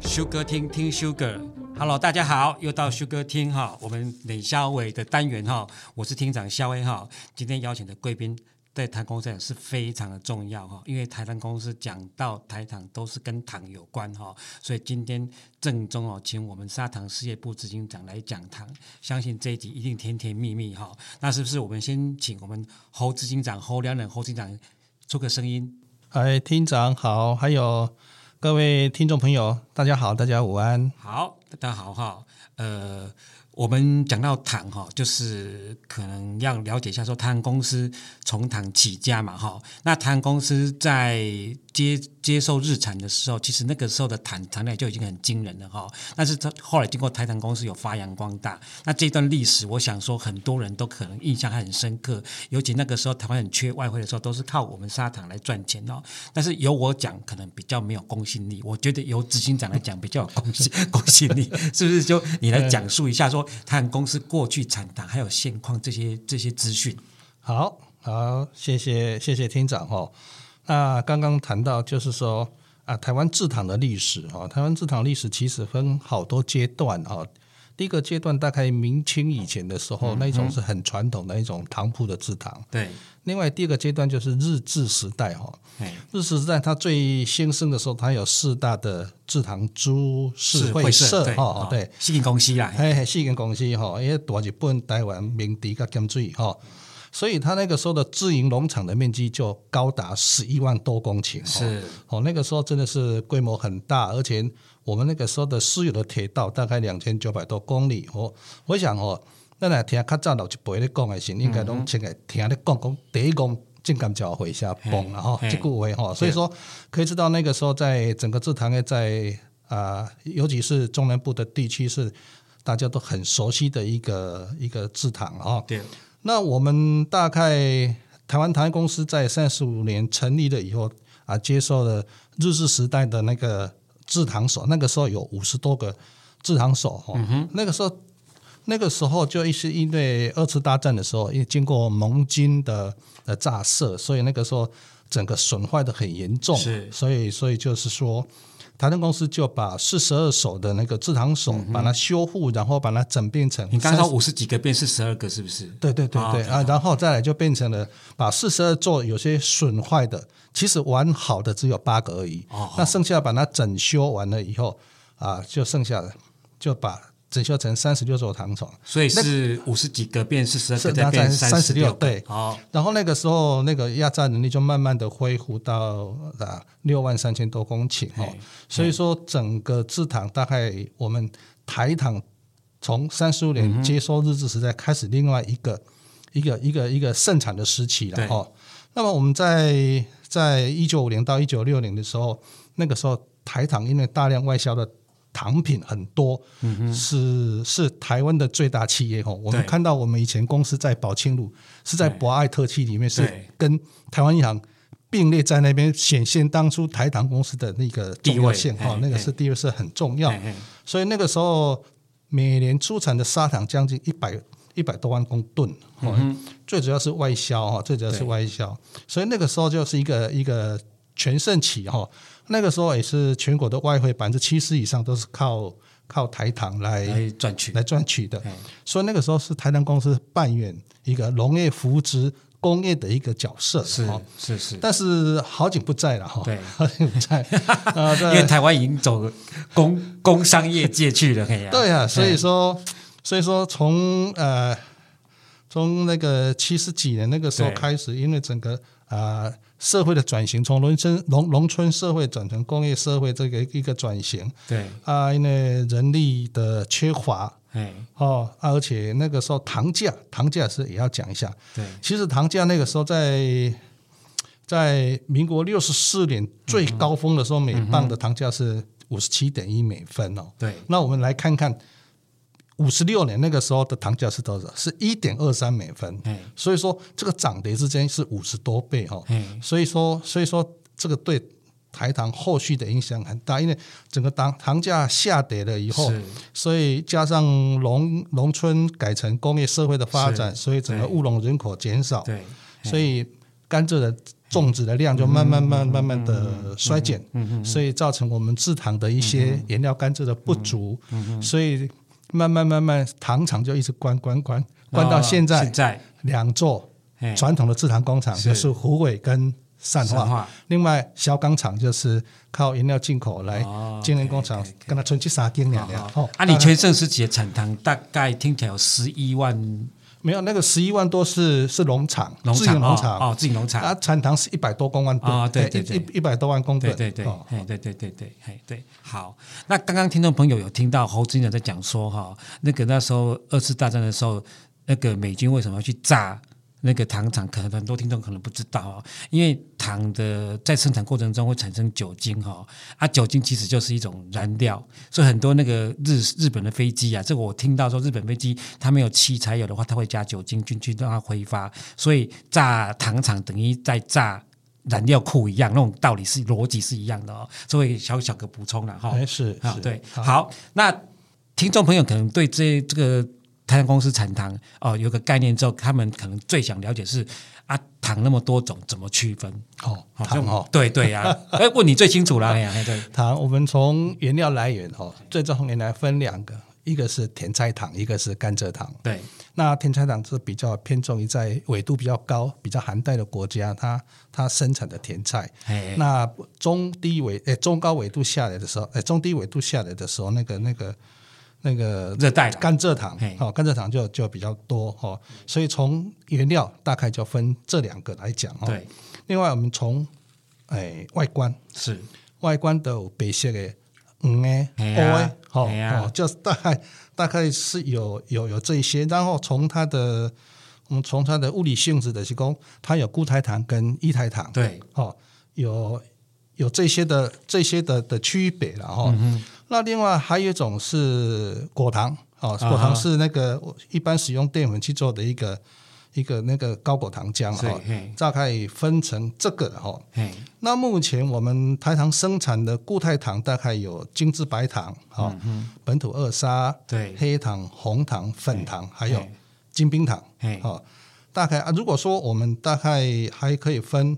修哥廳，聽修哥。Hello，大家好，又到修哥廳哈。我們練蕭話的單元哈，我是廳長肖偉哈。今天邀請的貴賓。在糖公司也是非常的重要哈，因為台灣公司講到台糖都是跟糖有關哈，所以今天鄭重哦，請我們砂糖事業部執行長來講糖，相信這一集一定甜甜蜜蜜哈。那是不是我們先請我們侯執行長侯良仁侯執行長出個聲音？哎，廳長好，還有各位聽眾朋友，大家好，大家午安，好，大家好哈，呃。我們講到糖哈，就是可能要了解一下，說糖公司從糖起家嘛哈。那糖公司在接。接受日產的時候，其實那個時候的糖產量就已經很驚人了哈、哦。但是他後來經過台糖公司有發揚光大，那這段歷史，我想說很多人都可能印象還很深刻。尤其那個時候台灣很缺外匯的時候，都是靠我們砂糖來賺錢哦。但是由我講可能比較沒有公信力，我覺得由執行長來講比較有公信 公信力，是不是？就你來講述一下說台糖公司過去產糖還有現況這些這些資訊。好，好，謝謝謝謝廳長哈、哦。那剛剛談到就是說啊，台灣製糖的歷史啊，台灣製糖歷史其實分好多階段啊。第一個階段大概明清以前的時候，嗯嗯、那種是很傳統的那一種糖鋪的製糖。對。另外第二個階段就是日治時代哈。對日治時代它最先盛的時候，它有四大的製糖株式會社哈。對，四間公司啊，哎對，四間公司哈，因為大日本、台灣、明治跟鹽水哈。所以，他那個時候的自營農場的面積就高達十一萬多公頃、哦。是哦，那個時候真的是規模很大，而且我們那個時候的私有的鐵道大概兩千九百多公里。我、哦、我想哦，那來聽下抗戰老前輩的講也是，嗯、哼應該都現在聽得你講第一憨種甘蔗給會社磅然後這個會哈，嘿所以說對可以知道那個時候在整個製糖業在啊、呃，尤其是中南部的地區是大家都很熟悉的一個一個製糖啊。那我們大概台灣台糖公司，在三十五年成立了以後啊，接受了日治時代的那個製糖所，那個時候有五十多個製糖所，那個時候，那個時候就一些因為二次大戰的時候，因為經過盟軍的呃炸射，所以那個時候整個損壞的很嚴重，是所以所以就是說。台糖公司就把四十二首的那個製糖所，嗯、哼把它修復，然後把它整變成。你剛剛說五十幾個變四十二個，是不是？對對對對，oh, okay. 啊，然後再來就變成了把四十二座有些損壞的，其實完好的只有八個而已。Oh, 那剩下把它整修完了以後，oh. 啊，就剩下的就把。整修成三十六座糖廠，所以是五十幾個變四十個，再變三十六對。哦、然後那個時候那個壓榨能力就慢慢的恢復到了六萬三千多公頃哦。嘿所以說整個製糖嘿大概我們台糖從三十五年接收日治時代開始，另外一個、嗯、哼一個一個一個盛產的時期了哦對、喔。那麼我們在在一九五零到一九六零的時候，那個時候台糖因為大量外銷的。糖品很多，嗯、哼是是台灣的最大企業哈。我們看到我們以前公司在寶慶路，是在博愛特區裡面，是跟台灣銀行並列在那邊，顯現當初台糖公司的那個地位線哈。嘿嘿那個是地位是很重要，嘿嘿所以那個時候每年出產的砂糖將近一百一百多萬公噸，嗯哼，最主要是外銷啊，最主要是外銷。所以那個時候就是一個一個。全盛期哈，那個時候也是全國的外匯百分之七十以上都是靠靠台糖來，來賺取來賺取的，對所以那個時候是台糖公司扮演一個農業扶植工業的一個角色，是，是是但是好景不在了哈，對，好景不在，呃、因為台灣已經走工工商業界去了， 對呀、啊，所以說對所以說從呃從那個七十幾年那個時候開始，對因為整個啊。呃社會的轉型，從農村、農農村社會轉成工業社會這個一個轉型。對啊、呃，因為人力的缺乏。對嘿哦、啊，而且那個時候糖價，糖價是也要講一下。對，其實糖價那個時候在，在民國六十四年最高峰的時候，嗯、哼每磅的糖價是五十七點一美分哦。對，那我們來看看。五十六年那個時候的糖價是多少？是一點二三美分。嘿所以說，這個漲跌之間是五十多倍哦。嘿所以說所以說這個對台糖後續的影響很大，因為整個糖糖價下跌了以後，是所以加上農農村改成工業社會的發展，是所以整個務農人口減少，對所以甘蔗的嘿種植的量就慢慢慢慢慢的衰減，所以造成我們製糖的一些原料甘蔗的不足，嗯嗯嗯嗯嗯、所以。慢慢慢慢，糖廠就一直關關關、哦、關到現在，兩座傳統的制糖工廠就是虎尾跟善化，善化另外小港廠就是靠原料進口來，精煉工廠跟他純去沙丁兩兩。哦，okay, okay, okay. 好好啊，全盛時期產糖大概聽起來有十一萬。沒有，那個十一萬多是是農場，自營農場，自己農場哦，哦，自己農場啊，產糖是一百多公萬啊，哦，對對對一一，一百多萬公噸，對對對，對對對對，對，好，那剛剛聽眾朋友有聽到侯經理在講說哈，那個那時候二次大戰的時候，那個美軍為什麼要去炸？那個糖廠，可能很多聽眾可能不知道哦，因為糖的在生產過程中會產生酒精哈、哦，啊，酒精其實就是一種燃料，所以很多那個日日本的飛機啊，這個我聽到說日本飛機它沒有氣才有的話，它會加酒精進去讓它揮發，所以炸糖廠等於在炸燃料庫一樣，那種道理是邏輯是一樣的哦，作為小小的補充了哈、欸。是哈，哦、是對，好，好，那聽眾朋友可能對這這個。台糖公司產糖哦，有個概念之後，他們可能最想了解是啊，糖那麼多種怎麼區分哦？哦，對對呀、啊，哎， 問你最清楚啦。糖，我們從原料來源哦，最重要的來分兩個，一個是甜菜糖，一個是甘蔗糖。對，那甜菜糖是比較偏重於在緯度比較高、比較寒帶的國家，它它生產的甜菜。嘿嘿那中低緯誒、哎，中高緯度下來的時候，誒、哎，中低緯度下來的時候，那個那個。那個甜菜糖、甘蔗糖，好，甘蔗糖就就比較多哦，嘿所以從原料大概就分這兩個來講哦。對，另外我們從哎、欸、外觀是外觀都有白色的、嗯，黃的，黑的，哈，就是大概大概是有有有這些，然後從它的我們從它的物理性質的結構，它有固態糖跟液態糖，對，哈、喔，有有這些的這些的的區別，然後、嗯。那另外還有一種是果糖，哦，果糖是那個一般使用澱粉去做的一個、uh huh. 一個那個高果糖漿，哦，So, hey. 大概分成這個，Hey. 那目前我們台糖生產的固態糖大概有精制白糖，uh huh. 本土二砂，對，黑糖、紅糖、粉糖，Hey. 還有金冰糖，哦，Hey. 大概如果說我們大概還可以分。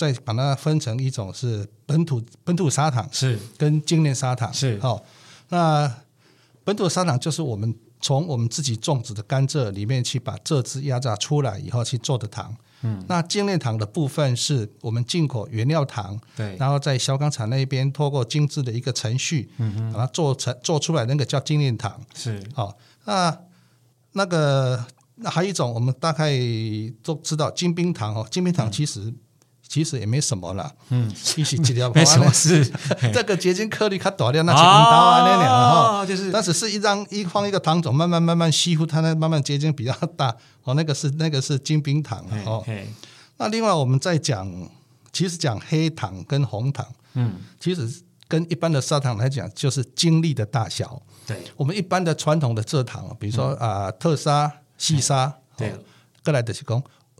再把它分成一種是本土本土砂糖是跟精煉砂糖是好、哦，那本土砂糖就是我們從我們自己種植的甘蔗裡面去把蔗汁壓榨出來以後去做的糖，嗯，那精煉糖的部分是我們進口原料糖，對，然後在小港廠那邊透過精致的一個程序，嗯嗯哼，把它做成做出來那個叫精煉糖是好、哦，那那個那還有一種我們大概都知道金冰糖哦，金冰糖其實、嗯。其實也沒什麼了，嗯，一些結晶沒什麼事。這個結晶顆粒它大點，那冰糖啊，那點哈，就是，那只是一張一放一個糖種，慢慢慢慢吸附它，那慢慢結晶比較大。哦，那個是那個是精冰糖哦。那另外我們再講，其實講黑糖跟紅糖，嗯，其實跟一般的砂糖來講，就是晶粒的大小。對，我們一般的傳統的蔗糖，比如說啊，特砂細砂，對，再來就是說。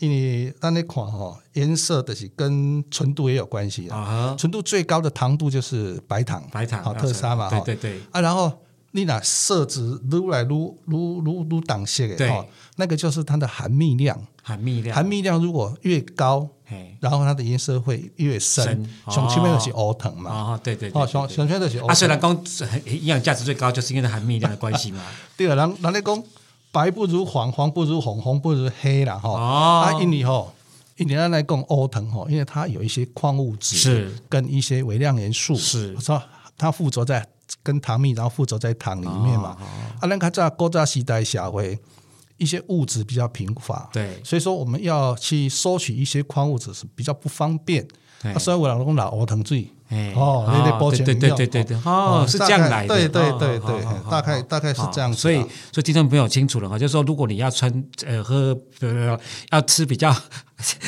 因為它那款吼顏色，的是跟純度也有關係的。哦、呵純度最高的糖度就是白糖，白糖好、哦，特砂嘛、哦。對對對。啊，然後你那色澤擼來擼擼擼擼當色的，哈對、哦，那個就是它的含蜜量。含蜜量，含蜜量如果越高，嘿然後它的顏色會越深。最、哦哦、前面的是黑糖嘛？啊、哦哦，對對哦，最最前面的是，啊，雖然講營養價值最高，就是因為含蜜量的關係嘛。 對啊，人人家講。白不如黃，黃不如紅，紅不如黑了吼。啊，印尼吼，印尼在那貢歐藤吼，因為它有一些礦物質，是跟一些微量元素，是，我說，它附着在跟糖蜜，然後附着在糖裡面嘛。Oh. 啊，那個在古早時代社會一些物質比較貧乏，對，所以說我們要去收取一些礦物質是比較不方便。對啊，所以我老公拿歐藤最。哦，對對對對對對哦，是這樣來的，對對對對，大概大概是這樣，所以所以聽眾朋友清楚了哈，就是說如果你要吃呃喝要吃比較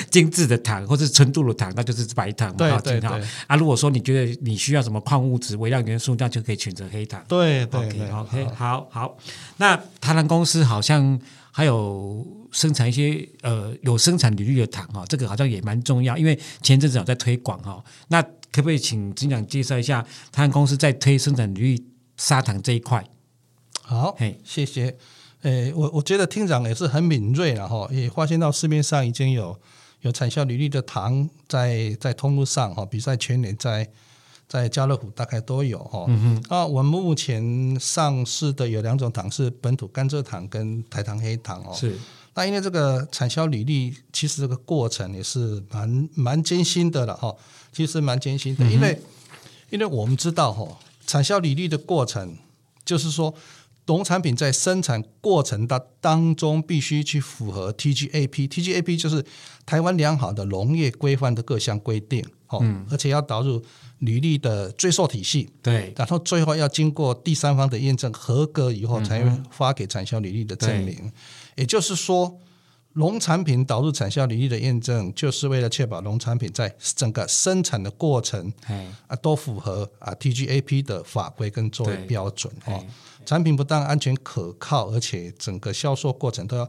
精緻的糖，或是純度的糖，那就是白糖嘛，對對對，啊，如果說你覺得你需要什麼礦物質、微量元素，那就可以選擇黑糖，對對，OK OK，好好，那台糖公司好像還有生產一些呃有生產履歷的糖啊，這個好像也蠻重要，因為前陣子有在推廣哈，那。可不可以請執行長介紹一下，他們公司在推生產履歷砂糖這一塊？好，哎嘿，謝謝，誒、欸，我我覺得執行長也是很敏銳、啊，了。也發現到市面上已經有有產銷履歷的糖在在通路上哈，比如在全年在在家樂福大概都有哈。嗯嗯哼，我們目前上市的有兩種糖是本土甘蔗糖跟台糖黑糖哦，是。那因為這個產銷履歷，其實這個過程也是蠻蠻艱辛的了哈。其實蠻艱辛的，因為、嗯、哼因為我們知道哈、哦，產銷履歷的過程，就是說，農產品在生產過程當當中必須去符合 T G A P T G A P 就是台灣良好的農業規範的各項規定，哦、嗯，而且要導入履歷的追溯體系，對，然後最後要經過第三方的驗證合格以後，才發給產銷履歷的證明。嗯也就是說，農產品導入產銷履歷的驗證，就是為了確保農產品在整個生產的過程，嘿啊，都符合啊 T G A P 的法規跟作業標準對哦，產品不但安全可靠，而且整個銷售過程都要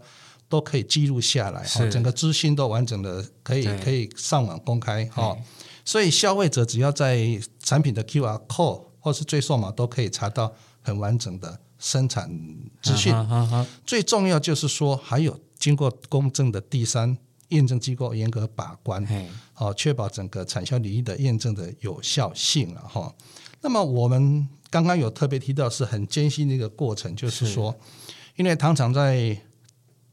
都可以記錄下來，是哦、整個資訊都完整的，可以對可以上網公開哈。哦、嘿所以消費者只要在產品的 Q R code 或是追溯碼都可以查到很完整的。生產資訊最重要就是說，還有經過公正的第三驗證機構嚴格把關，好確保整個產銷履歷的驗證的有效性了哈。那麼我們剛剛有特別提到，是很艱辛的一個過程，就是說，因為糖廠在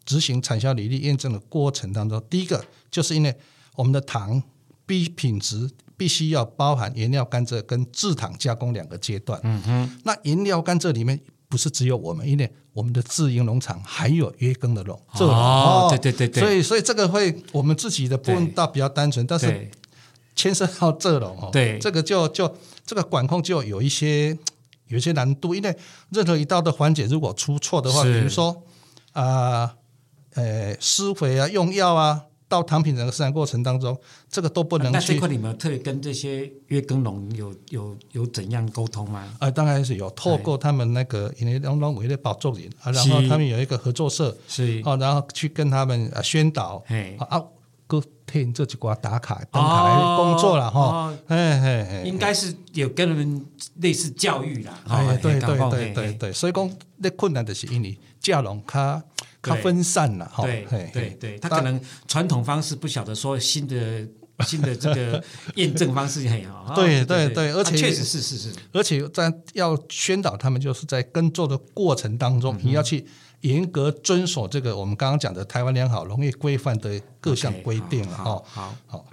執行產銷履歷驗證的過程當中，第一個就是因為我們的糖品必品質必須要包含原料甘蔗跟製糖加工兩個階段，嗯哼，那原料甘蔗裡面。不是只有我們，因為我們的自營農場還有約耕的農，這哦，哦對對對對，所以所以這個會我們自己的部分倒比較單純，對但是牽涉到蔗農哦，對，這個就就這個管控就有一些有一些難度，因為任何一道的環節如果出錯的話，是比如說啊，呃，施肥啊，用藥啊。到糖品整個生產過程當中，這個都不能去。那、嗯、這塊你們特別跟這些約耕農有有有怎樣溝通嗎？呃、啊，當然是有，透過他們那個因為農農委的保助人是、啊，然後他們有一個合作社，是，哦、啊，然後去跟他們啊宣導，欸、啊。天，這幾寡打卡、打卡工作了哈，哎哎哎，應該是有跟人類似教育了，對對對對對，所以說那困難的是因為你金融它它分散了，對對對，他可能傳統方式不曉得說新的新的這個驗證方式也很好，對對對，而且確實是是是，而且在要宣導他們就是在耕作的過程當中你要去。嚴格遵守這個我們剛剛講的台灣良好農業規範的各項規定了、okay, 好哦。好，好，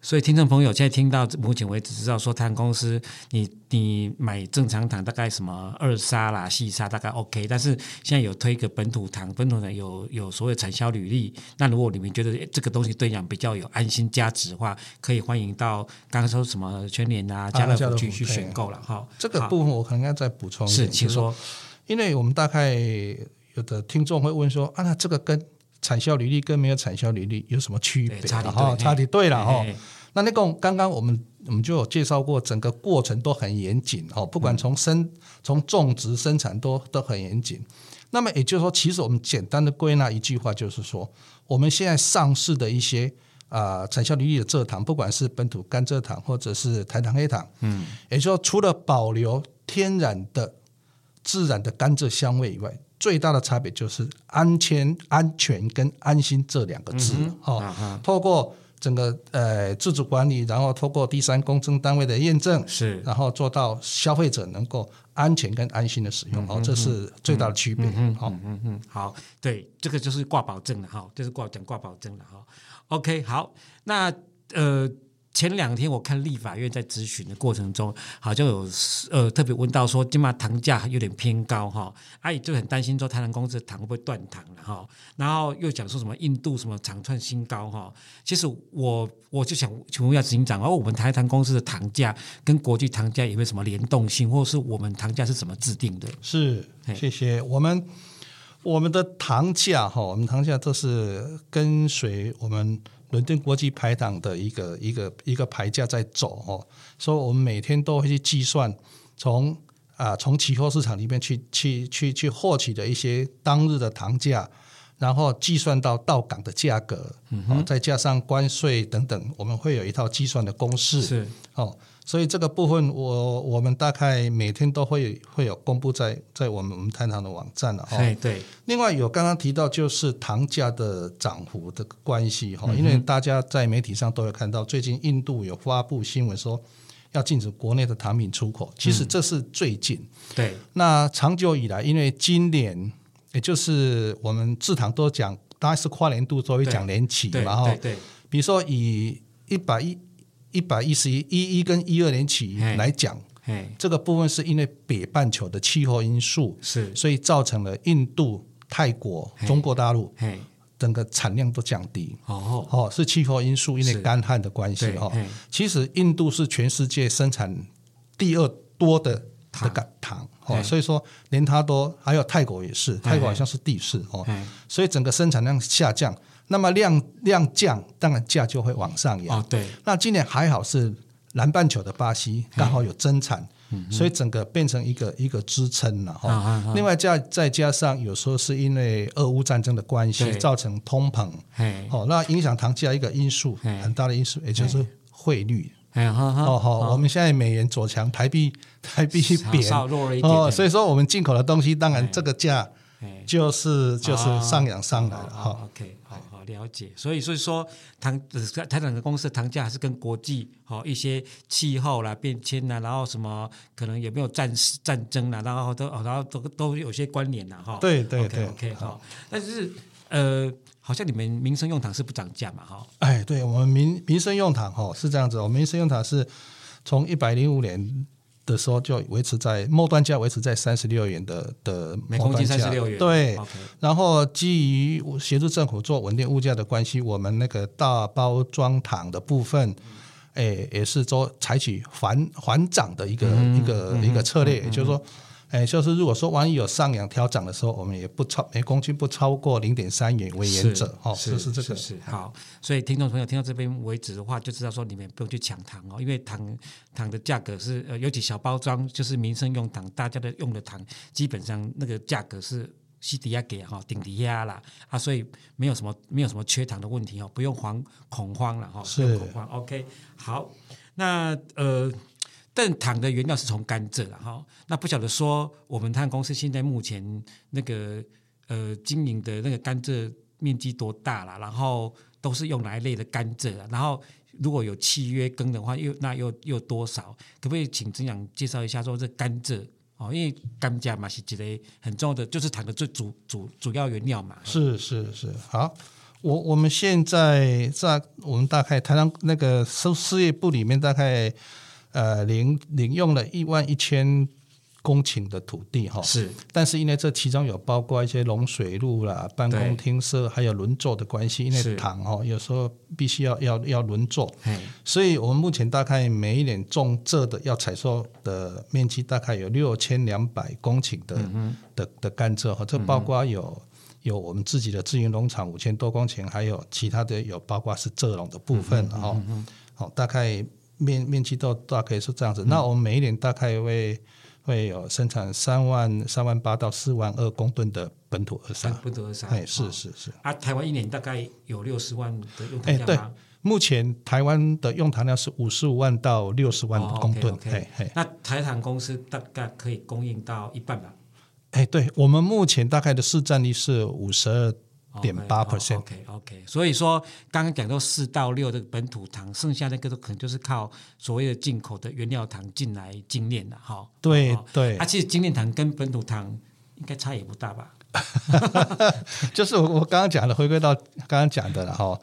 所以聽眾朋友現在聽到目前為止，知道說糖公司你，你你買正常糖大概什麼二砂啦、細砂大概 OK，但是現在有推一個本土糖，本土糖有有所謂產銷履歷。那如果你們覺得這個東西對講比較有安心價值的話，可以歡迎到剛剛說什麼全聯啊、啊家樂福去去選購了。好，這個部分我可能要再補充，好是，請說，說因為我們大概。有的聽眾會問說：啊，那這個跟產銷履歷跟沒有產銷履歷有什麼區別？差的哈，差的對，對了哈、欸哦。那那個剛剛我們我們就有介紹過，整個過程都很嚴謹哈、哦，不管從生、嗯、從種植生產都都很嚴謹。那麼也就是說，其實我們簡單的歸納一句話就是說，我們現在上市的一些啊、呃、產銷履歷的蔗糖，不管是本土甘蔗糖或者是台糖黑糖，嗯，也就是說除了保留天然的自然的甘蔗香味以外。最大的差別就是安全、安全跟安心這兩個字哈。透過整個呃自主管理，然後透過第三公證單位的驗證，是然後做到消費者能夠安全跟安心的使用，嗯哼哦、這是最大的區別。好、嗯哼，哦、嗯嗯，好，對，這個就是掛保證的哈，這是掛講掛保證的哈、哦。OK，好，那呃。前兩天我看立法院在質詢的過程中，好像有呃特別問到說，今嘛糖價有點偏高哈，阿、啊、姨就很擔心說，台糖公司的糖會不會斷糖了哈？然後又講說什麼印度什麼糖創新高哈？其實我我就想請問一下，執行長，哦，我們台糖公司的糖價跟國際糖價有沒有什麼聯動性，或是我們糖價是怎麼制定的？是，謝謝嘿我們我們的糖價哈，我們糖價都是跟隨我們。倫敦國際白糖的一個一個一個牌價在走哦，所以我們每天都會去計算從、啊，從啊從期貨市場裡面去去去去獲取的一些當日的糖價。然後計算到到港的價格，然、嗯、哼再加上關稅等等，我們會有一套計算的公式。是哦，所以這個部分我我們大概每天都會會有公布在在我們我們台糖的網站了、哦。哎，對。另外有剛剛提到就是糖價的漲幅的關係哈、哦，嗯、哼因為大家在媒體上都有看到，最近印度有發布新聞說要禁止國內的糖品出口。其實這是最近。嗯、對。那長久以來，因為今年。也就是我們製糖都講，大概是跨年度作為講年期嘛，對，然後，對，對對，比如說以一百一一百一十一一跟一二年期來講，嘿這個部分是因為北半球的氣候因素是，所以造成了印度、泰國、嘿中國大陸嘿整個產量都降低哦哦，是氣候因素，因為乾旱的關係哈。其實印度是全世界生產第二多的的糖。的糖哦，所以說連他都還有泰國也是，泰國好像是地市哦，嘿嘿所以整個生產量下降，那麼量量降，當然價就會往上揚。哦、對，那今年還好是南半球的巴西剛好有增產，嘿嘿嗯、所以整個變成一個一個支撐了哈。哦、另外加再加上有時候是因為俄烏戰爭的關係對造成通膨，嘿嘿哦，那影響糖價一個因素很大的因素也就是匯率。哎，好，好，我們現在美元走強，台幣台幣貶，哦，所以說我們進口的東西，當然這個價就是就是上揚上來了，哈。OK，好好，了解，所以所以說糖，台糖公司的糖價還是跟國際好一些氣候啦、變遷啦，然後什麼可能有沒有戰戰爭啦，然後都然後都都有些關聯了，哈。對對對 OK，好，但是呃。好像你們民生用糖是不漲價嘛，哈、哦。哎，對，我們民民生用糖哈、哦、是這樣子，我們民生用糖是從一百零五年的時候就維持在末端價，維持在三十六元的的每公斤三十六元，對。Okay 然後基於協助政府做穩定物價的關係，我們那個大包裝糖的部分，嗯、哎，也是做採取緩緩漲的一個、嗯、一個、嗯、一個策略，也、嗯嗯嗯、就是說。哎，就是如果說萬一有上揚、調漲的時候，我們也不超，每公斤不超過零點三元為原則，是哦，是、就是這個是是，好。所以聽眾朋友聽到這邊為止的話，就知道說你們不用去搶糖哦，因為糖糖的價格是、呃、尤其小包裝，就是民生用糖，大家的用的糖，基本上那個價格是低底下給哈，頂底下了啊，所以沒有什麼沒有什麼缺糖的問題哦，不用慌恐慌了哈，哦、是不用恐慌、慌。OK，好，那呃。但糖的原料是從甘蔗啦，哈，那不曉得說我們台糖公司現在目前那個呃經營的那個甘蔗面積多大了？然後都是用哪一類的甘蔗，啊，然後如果有契約耕的話，又那又又多少？可不可以請執行長介紹一下說這甘蔗哦？因為甘蔗嘛是之類很重要的，就是糖的最主主主要原料嘛。是是是，好，我我們現在在我們大概台糖那個砂糖事業部裡面大概。呃，領領用了一萬一千公頃的土地哈，是，但是因為這其中有包括一些農水路啦、辦公廳舍對還有輪作的關係，因為糖哦，有時候必須要要要輪作，嘿所以，我們目前大概每一年種蔗的要採收的面積大概有六千兩百公頃的、嗯、哼的的甘蔗哈，這包括有、嗯、哼有我們自己的自營農場五千多公頃，還有其他的有包括是蔗農的部分哈，好、嗯哼哦，大概。面面積都大概是這樣子。嗯、那我們每一年大概會會有生產三萬、三萬八到四萬二公噸的本土二砂，本土二砂，哎，是是是。啊，台灣一年大概有六十萬的用糖量嗎？哎、欸，對，目前台灣的用糖量是五十五萬到六十萬公噸，哎嘿。那台糖公司大概可以供應到一半吧？哎、欸，對，我們目前大概的市佔率是五十二。點八。OK OK，所以說剛剛講到四到六的本土糖，剩下那個都可能就是靠所謂的進口的原料糖進來精煉的，哈，對對。它、哦啊、其實精煉糖跟本土糖應該差也不大吧？ 就是我我剛剛講的，回歸到剛剛講的了哈，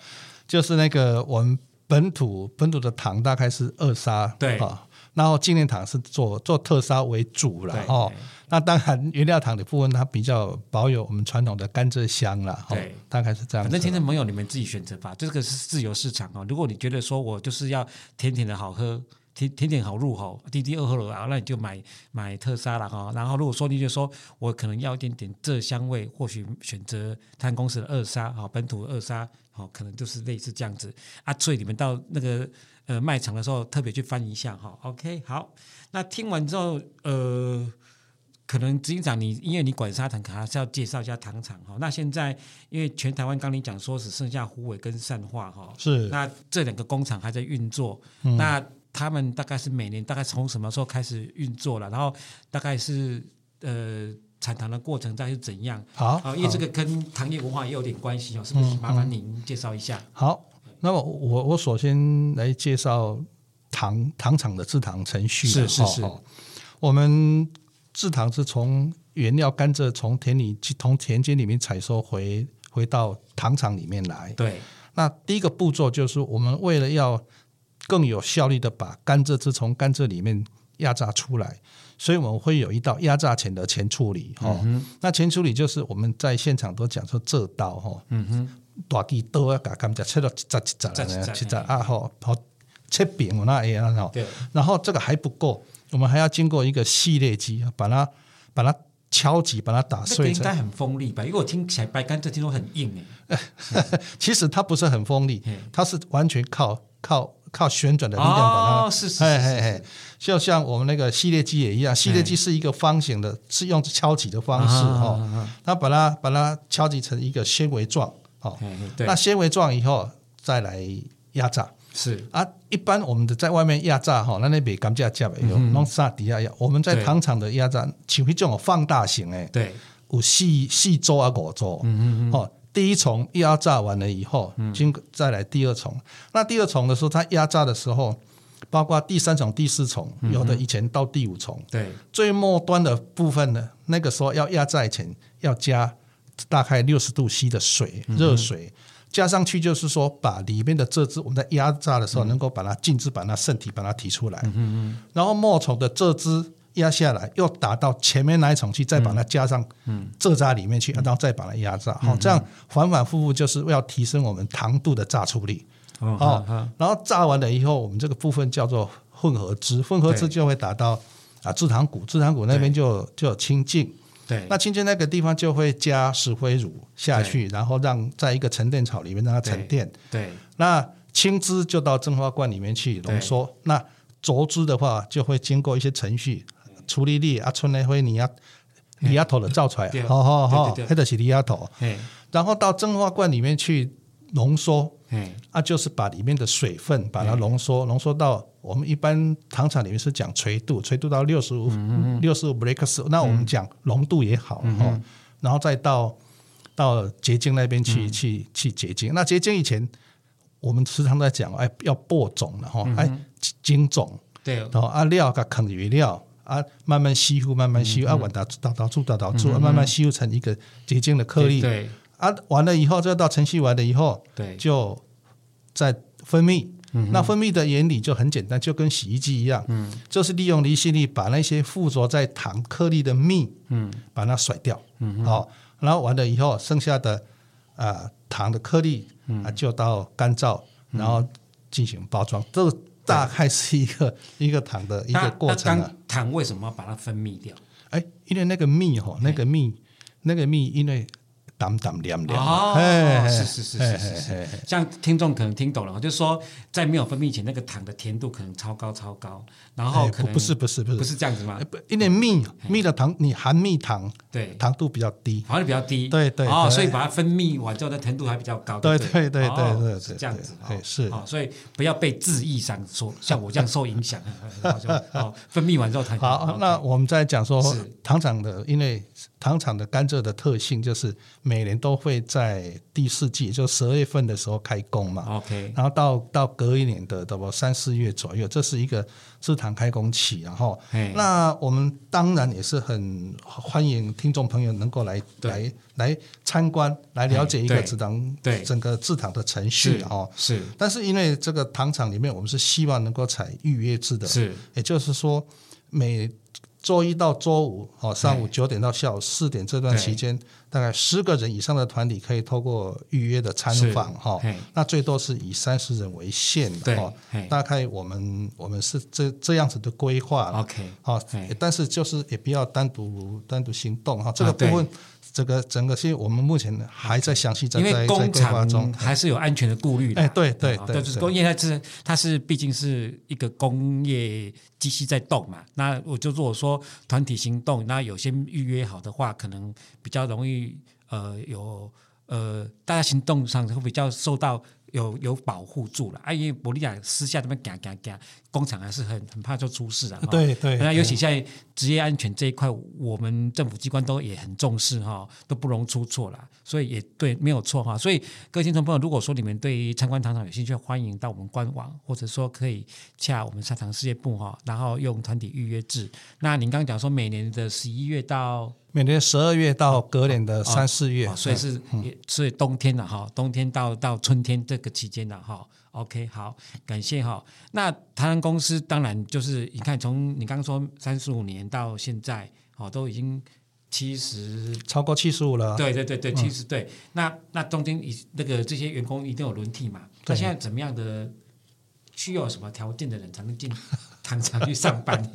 就是那個我們本土本土的糖大概是二砂，對啊。哦然後精煉糖是做做特砂為主了對哦。那當然原料糖的部分它比較保有我們傳統的甘蔗香了，對、哦，大概是這樣子。反正聽眾朋友你們自己選擇吧，這個是自由市場哦。如果你覺得說我就是要甜甜的好喝。甜甜點好入吼滴滴二號樓。然那你就買買特拉了哈。然後如果說你就說，我可能要一點點蔗香味，或許選擇攤公司的二沙。哈，本土的二沙，好，可能就是類似這樣子啊。所以你們到那個呃賣場的時候，特別去翻一下哈、哦。OK，好，那聽完之後，呃，可能執行長你，因為你管沙坦可能還是要介紹一下糖廠哈、哦。那現在因為全台灣剛剛你講說只剩下虎尾跟善化哈，哦、是，那這兩個工廠還在運作，嗯、那。他們大概是每年大概從什麼時候開始運作了？然後大概是呃，產糖的過程大概是怎樣？好，因為這個跟糖業文化也有點關係哦，嗯、是不是？麻煩您介紹一下。好，那麼我我首先來介紹糖糖廠的製糖程序。是是是、哦，我們製糖是從原料甘蔗從田裡從田間裡面採收回回到糖廠裡面來。對，那第一個步驟就是我們為了要，更有效率的把甘蔗汁從甘蔗裡面壓榨出來，所以我們會有一道壓榨前的前處理、嗯、哼那前處理就是我們在現場都講說這道、嗯哼。大鋸刀啊，把甘蔗切到一扎一扎的，七扎、嗯、然後這個還不夠，我們還要經過一個系列機把它把它敲擊，把它打碎。應該很鋒利吧？因為我聽起來白甘蔗聽說很硬，其實它不是很鋒利，它是完全靠靠。靠旋轉的力量把它、哦，是是，哎哎哎，就像我們那個系列機也一樣，系列機是一個方形的，是用敲擊的方式哈、嗯，那把、啊啊嗯、它把它,把它敲擊成一個纖維狀哦嘿嘿，那纖維狀以後再來壓榨是，是啊，一般我們的在外面壓榨哈，感嗯嗯那那邊甘蔗價沒用，弄沙底下壓，我們在糖廠的壓榨，屬於這種放大型的，對有四，有四組啊，五組，嗯嗯嗯，哦。第一重壓榨完了以後，嗯，再再來第二重。那第二重的時候，它壓榨的時候，包括第三重、第四重，有、嗯、哼的以前到第五重，嗯、最末端的部分呢，那個時候要壓榨以前要加大概六十度 C 的水，熱水、嗯、哼加上去，就是說把裡面的蔗汁我們在壓榨的時候、嗯、哼能夠把它盡致把它滲提把它提出來，嗯、哼哼然後末重的蔗汁。壓下來，又打到前面那一層去，再把它加上蔗渣裡面去，然後再把它壓榨，好，這樣反反复覆就是要提升我們糖度的榨出率。哦，然後榨完了以後，我們這個部分叫做混合汁，混合汁就會打到啊製糖股，製糖股那邊就就有清淨。對，那清淨那個地方就會加石灰乳下去，然後讓在一個沉澱槽裡面讓它沉澱。對，那清汁就到蒸發罐裡面去濃縮。那濁汁的話就會經過一些程序。處理力啊，春雷灰，離仔，離仔土的造出來，好好好，黑的是離仔土，然後到蒸發罐裡面去濃縮，哎，啊就是把裡面的水分把它濃縮，濃縮到我們一般糖廠裡面是講錘度，錘度到六十五，六十五 Brix，那我們講濃度也好，然後再到到結晶那邊去去去結晶，那結晶以前我們時常在講，哎，要播種了哈，哎，晶種，對，然後啊料，噶肯餘料。啊，慢慢吸附，慢慢吸附，啊，完達導導出，導導出，慢慢吸附成一個結晶的顆粒。對，啊，完了以後這到程序，完了以後，對，就再分蜜。那分蜜的原理就很簡單，就跟洗衣機一樣，嗯，就是利用離心力把那些附着在糖顆粒的蜜，嗯，把它甩掉，嗯，好，然後完了以後剩下的啊糖的顆粒，嗯，就到乾燥，然後進行包裝。這大概是一個一個糖的一個過程了。糖為什麼要把它分蜜掉？哎，因為那個蜜哈，Okay. 那個蜜，那個蜜，因為。淡淡黏黏啊。是是是是是，像聽眾可能聽懂了，就是說，在沒有分蜜前，那個糖的甜度可能超高超高。然後不是不是不是不是這樣子嗎？因為蜜蜜的糖你含蜜糖，對，糖度比較低，還是比較低，對對哦，所以把它分蜜完之後，那甜度還比較高，對對對對對，是這樣子，對，是所以不要被字義上說，像我這樣受影響，啊，分蜜完之後才好。那我們再講說糖廠的，因為糖廠的甘蔗的特性就是。每年都會在第四季，就十二月份的時候開工嘛。Okay. 然後到到隔一年的差不多三四月左右，這是一個製糖開工期，啊。然後，那我們當然也是很歡迎聽眾朋友能夠來對來來參觀，來了解一個製糖 Hey. 整個製糖的程序哦，啊 Hey.。是，但是因為這個糖廠裡面，我們是希望能夠採預約制的，是，也就是說每。週一到週五，哦，上午九點到下午四點這段期間，對大概十個人以上的團體可以透過預約的參訪，哈，那最多是以三十人為限的對，哦，大概我們我們是這這樣子的規劃，OK，好，但是就是也不要單獨單獨行動哈，哦，這個部分。啊這個整個，是我們目前還在詳細在在規劃中，因為工廠還是有安全的顧慮。哎，對對，就是工業，它是它是畢竟是一個工業機器在動嘛。那我就如果說團體行動，那有些預約好的話，可能比較容易呃有呃大家行動上會比較受到。有有保護住了，哎，因為不然你私下這邊幹幹幹，工廠還是很很怕就出事了。對對，對，那尤其現在職業安全這一塊，我們政府機關都也很重視哈，都不容出錯了，所以也對沒有錯哈。所以，各位聽眾朋友，如果說你們對於參觀糖廠有興趣，歡迎到我們官網，或者說可以洽我們砂糖事業部哈，然後用團體預約制。那您剛剛講說，每年的十一月到。每年十二月到隔年的三四月、哦哦，所以是所以冬天了哈、哦，冬天到到春天這個期間的哈、哦、OK 好，感謝哈、哦。那台糖公司當然就是你看，從你剛說三十五年到現在，哦，都已經七十，超過七十五了。對對對對，七十對，對、嗯、對。那那中間以那、這個這些員工一定有輪替嘛？對那現在怎麼樣的需要什麼條件的人才能進台糖去上班？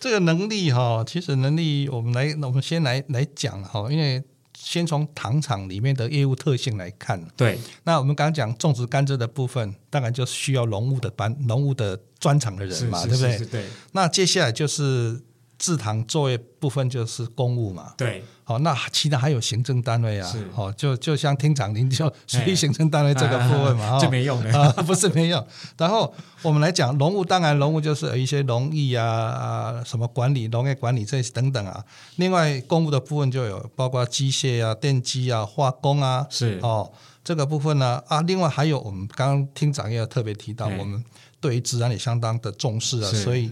這個能力哈、哦，其實能力我們來，我們先來來講哈、哦，因為先從糖廠裡面的業務特性來看，對，那我們剛剛講種植甘蔗的部分，當然就是需要農務的班、農務的專長的人嘛，是對不對？對，那接下來就是。製糖作業部分就是公務嘛，對，好、哦，那其他還有行政單位啊，是，好、哦，就就像廳長您就屬於行政單位這個部分嘛，最、欸啊哦、沒用的、啊，不是沒用。 然後我們來講農務，當然農務就是有一些農藝啊啊什麼管理、農業管理這些等等啊。另外公務的部分就有包括機械啊、電機啊、化工啊，是哦，這個部分呢，啊，啊，另外還有我們剛剛廳長也特別提到，欸、我們對於自然也相當的重視啊，是所以。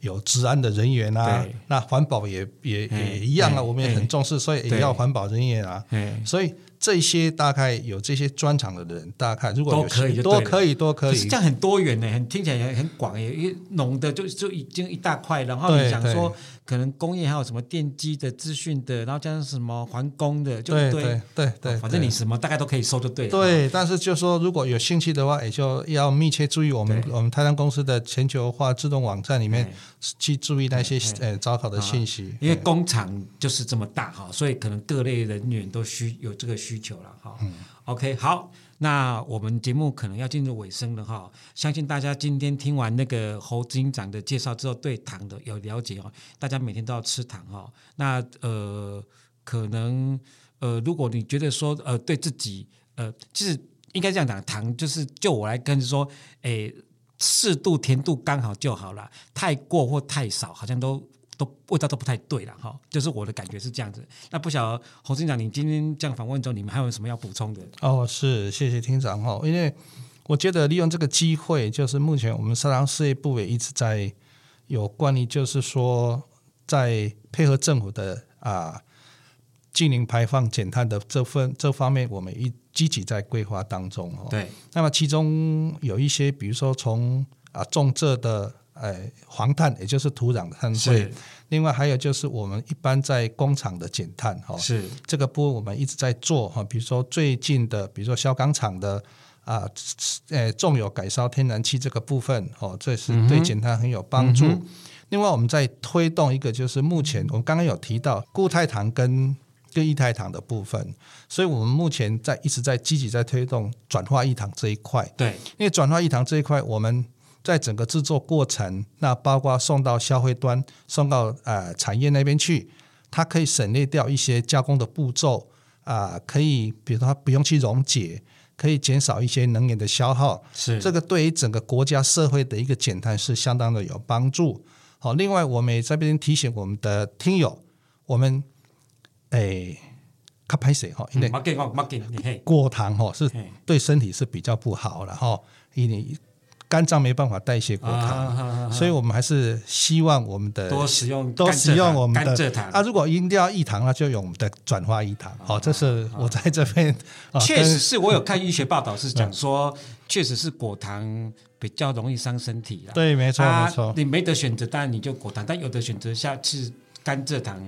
有職安的人員啊，對那環保也也、嗯、也一樣啊，我們也很重視，嗯、所以也要環保人員啊，對所以。這些大概有這些專長的人，大概如果有都可以，多可以，多可以，這樣很多元耶，很聽起來很廣，一濃的就就已經一大塊了。然後對你講說，對可能工業還有什麼電機的、資訊的，然後加上什麼環工的，就一對對、對、對、對、哦，反正你什麼大概都可以說，就對。對、嗯、對，但是就說如果有興趣的話，也就要密切注意我們對我們台糖公司的全球化自動網站裡面。去注意那些呃招考的信息，啊、因為工廠就是這麼大哈，嗯、所以可能各類人員都需有這個需求了哈。嗯、OK，好，那我們節目可能要進入尾聲了哈、哦。相信大家今天聽完那個侯執行長的介紹之後，對糖的有了解哦。大家每天都要吃糖哈、哦。那呃，可能呃，如果你覺得說呃，對自己呃，其實應該這樣講，糖就是就我來跟你說，誒、欸。適度甜度剛好就好了，太過或太少，好像都都味道都不太對了哈。就是我的感覺是這樣子。那不曉得侯廳長，你今天這樣訪問中，你們還有什麼要補充的？哦，是謝謝廳長哈，因為我覺得利用這個機會，就是目前我們砂糖事業部也一直在有關於，就是說在配合政府的啊。呃近零排放減碳的這份這方面，方面我們一積極在規劃當中哦。對。那麼其中有一些，比如說從啊種植的誒、哎、黃碳，也就是土壤的碳匯；是另外還有就是我們一般在工廠的減碳哦，是這個部分我們一直在做哈、哦。比如說最近的，比如說小港廠的啊誒重油改燒天然氣這個部分哦，這是對減碳很有幫助。嗯、哼另外我們在推動一個，就是目前我們剛剛有提到固態糖跟跟液態糖的部分，所以我們目前在一直在積極在推動轉化液糖這一塊。對，因為轉化液糖這一塊，我們在整個製作過程，那包括送到消費端、送到呃產業那邊去，它可以省略掉一些加工的步驟啊、呃，可以比如說它不用去溶解，可以減少一些能源的消耗。是，這個對於整個國家社會的一個減碳是相當的有幫助。好，另外我們也在這邊提醒我們的聽友，我們。哎，卡牌誰哈？因為果糖哈是對身體是比較不好的哈，因為肝臟沒辦法代謝果糖，所以我們還是希望我們的多使用多使用我們的蔗糖啊。如果飲料要液糖了，就用我們的轉化液糖。哦，這是我在這邊確實是我有看醫學報道是講說，確實是果糖比較容易傷身體啦。對，沒錯沒錯，你沒得選擇，當然你就果糖，但有的選擇下次甘蔗糖。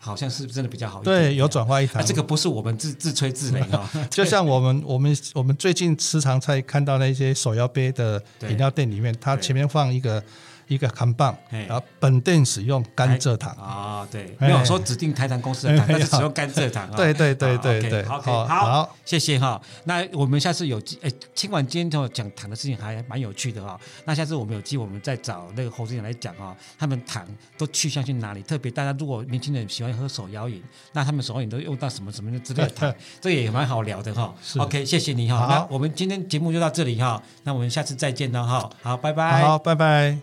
好像是真的比較好一點，對啊、有轉化一台、啊，這個不是我們自自吹自擂啊、哦。 就像我們 我們我們最近時常在看到那些手搖杯的飲料店裡面，它對前面放一個，一個看板，然後本店使用甘蔗糖啊，對，沒有說指定台糖公司的糖，但是使用甘蔗糖啊。對對對對對，好，好，好，謝謝哈。那我們下次有機，誒，聽完今天都講糖的事情還蠻有趣的哈。那下次我們有機會，我們再找那個侯先生來講哈，他們糖都去向去哪裡？特別大家如果年輕人喜歡喝手搖飲，那他們手搖飲都用到什麼什麼之類的糖，這也蠻好聊的哈。OK，謝謝你哈。那我們今天節目就到這裡哈。那我們下次再見了哈。好，拜拜。好，拜拜。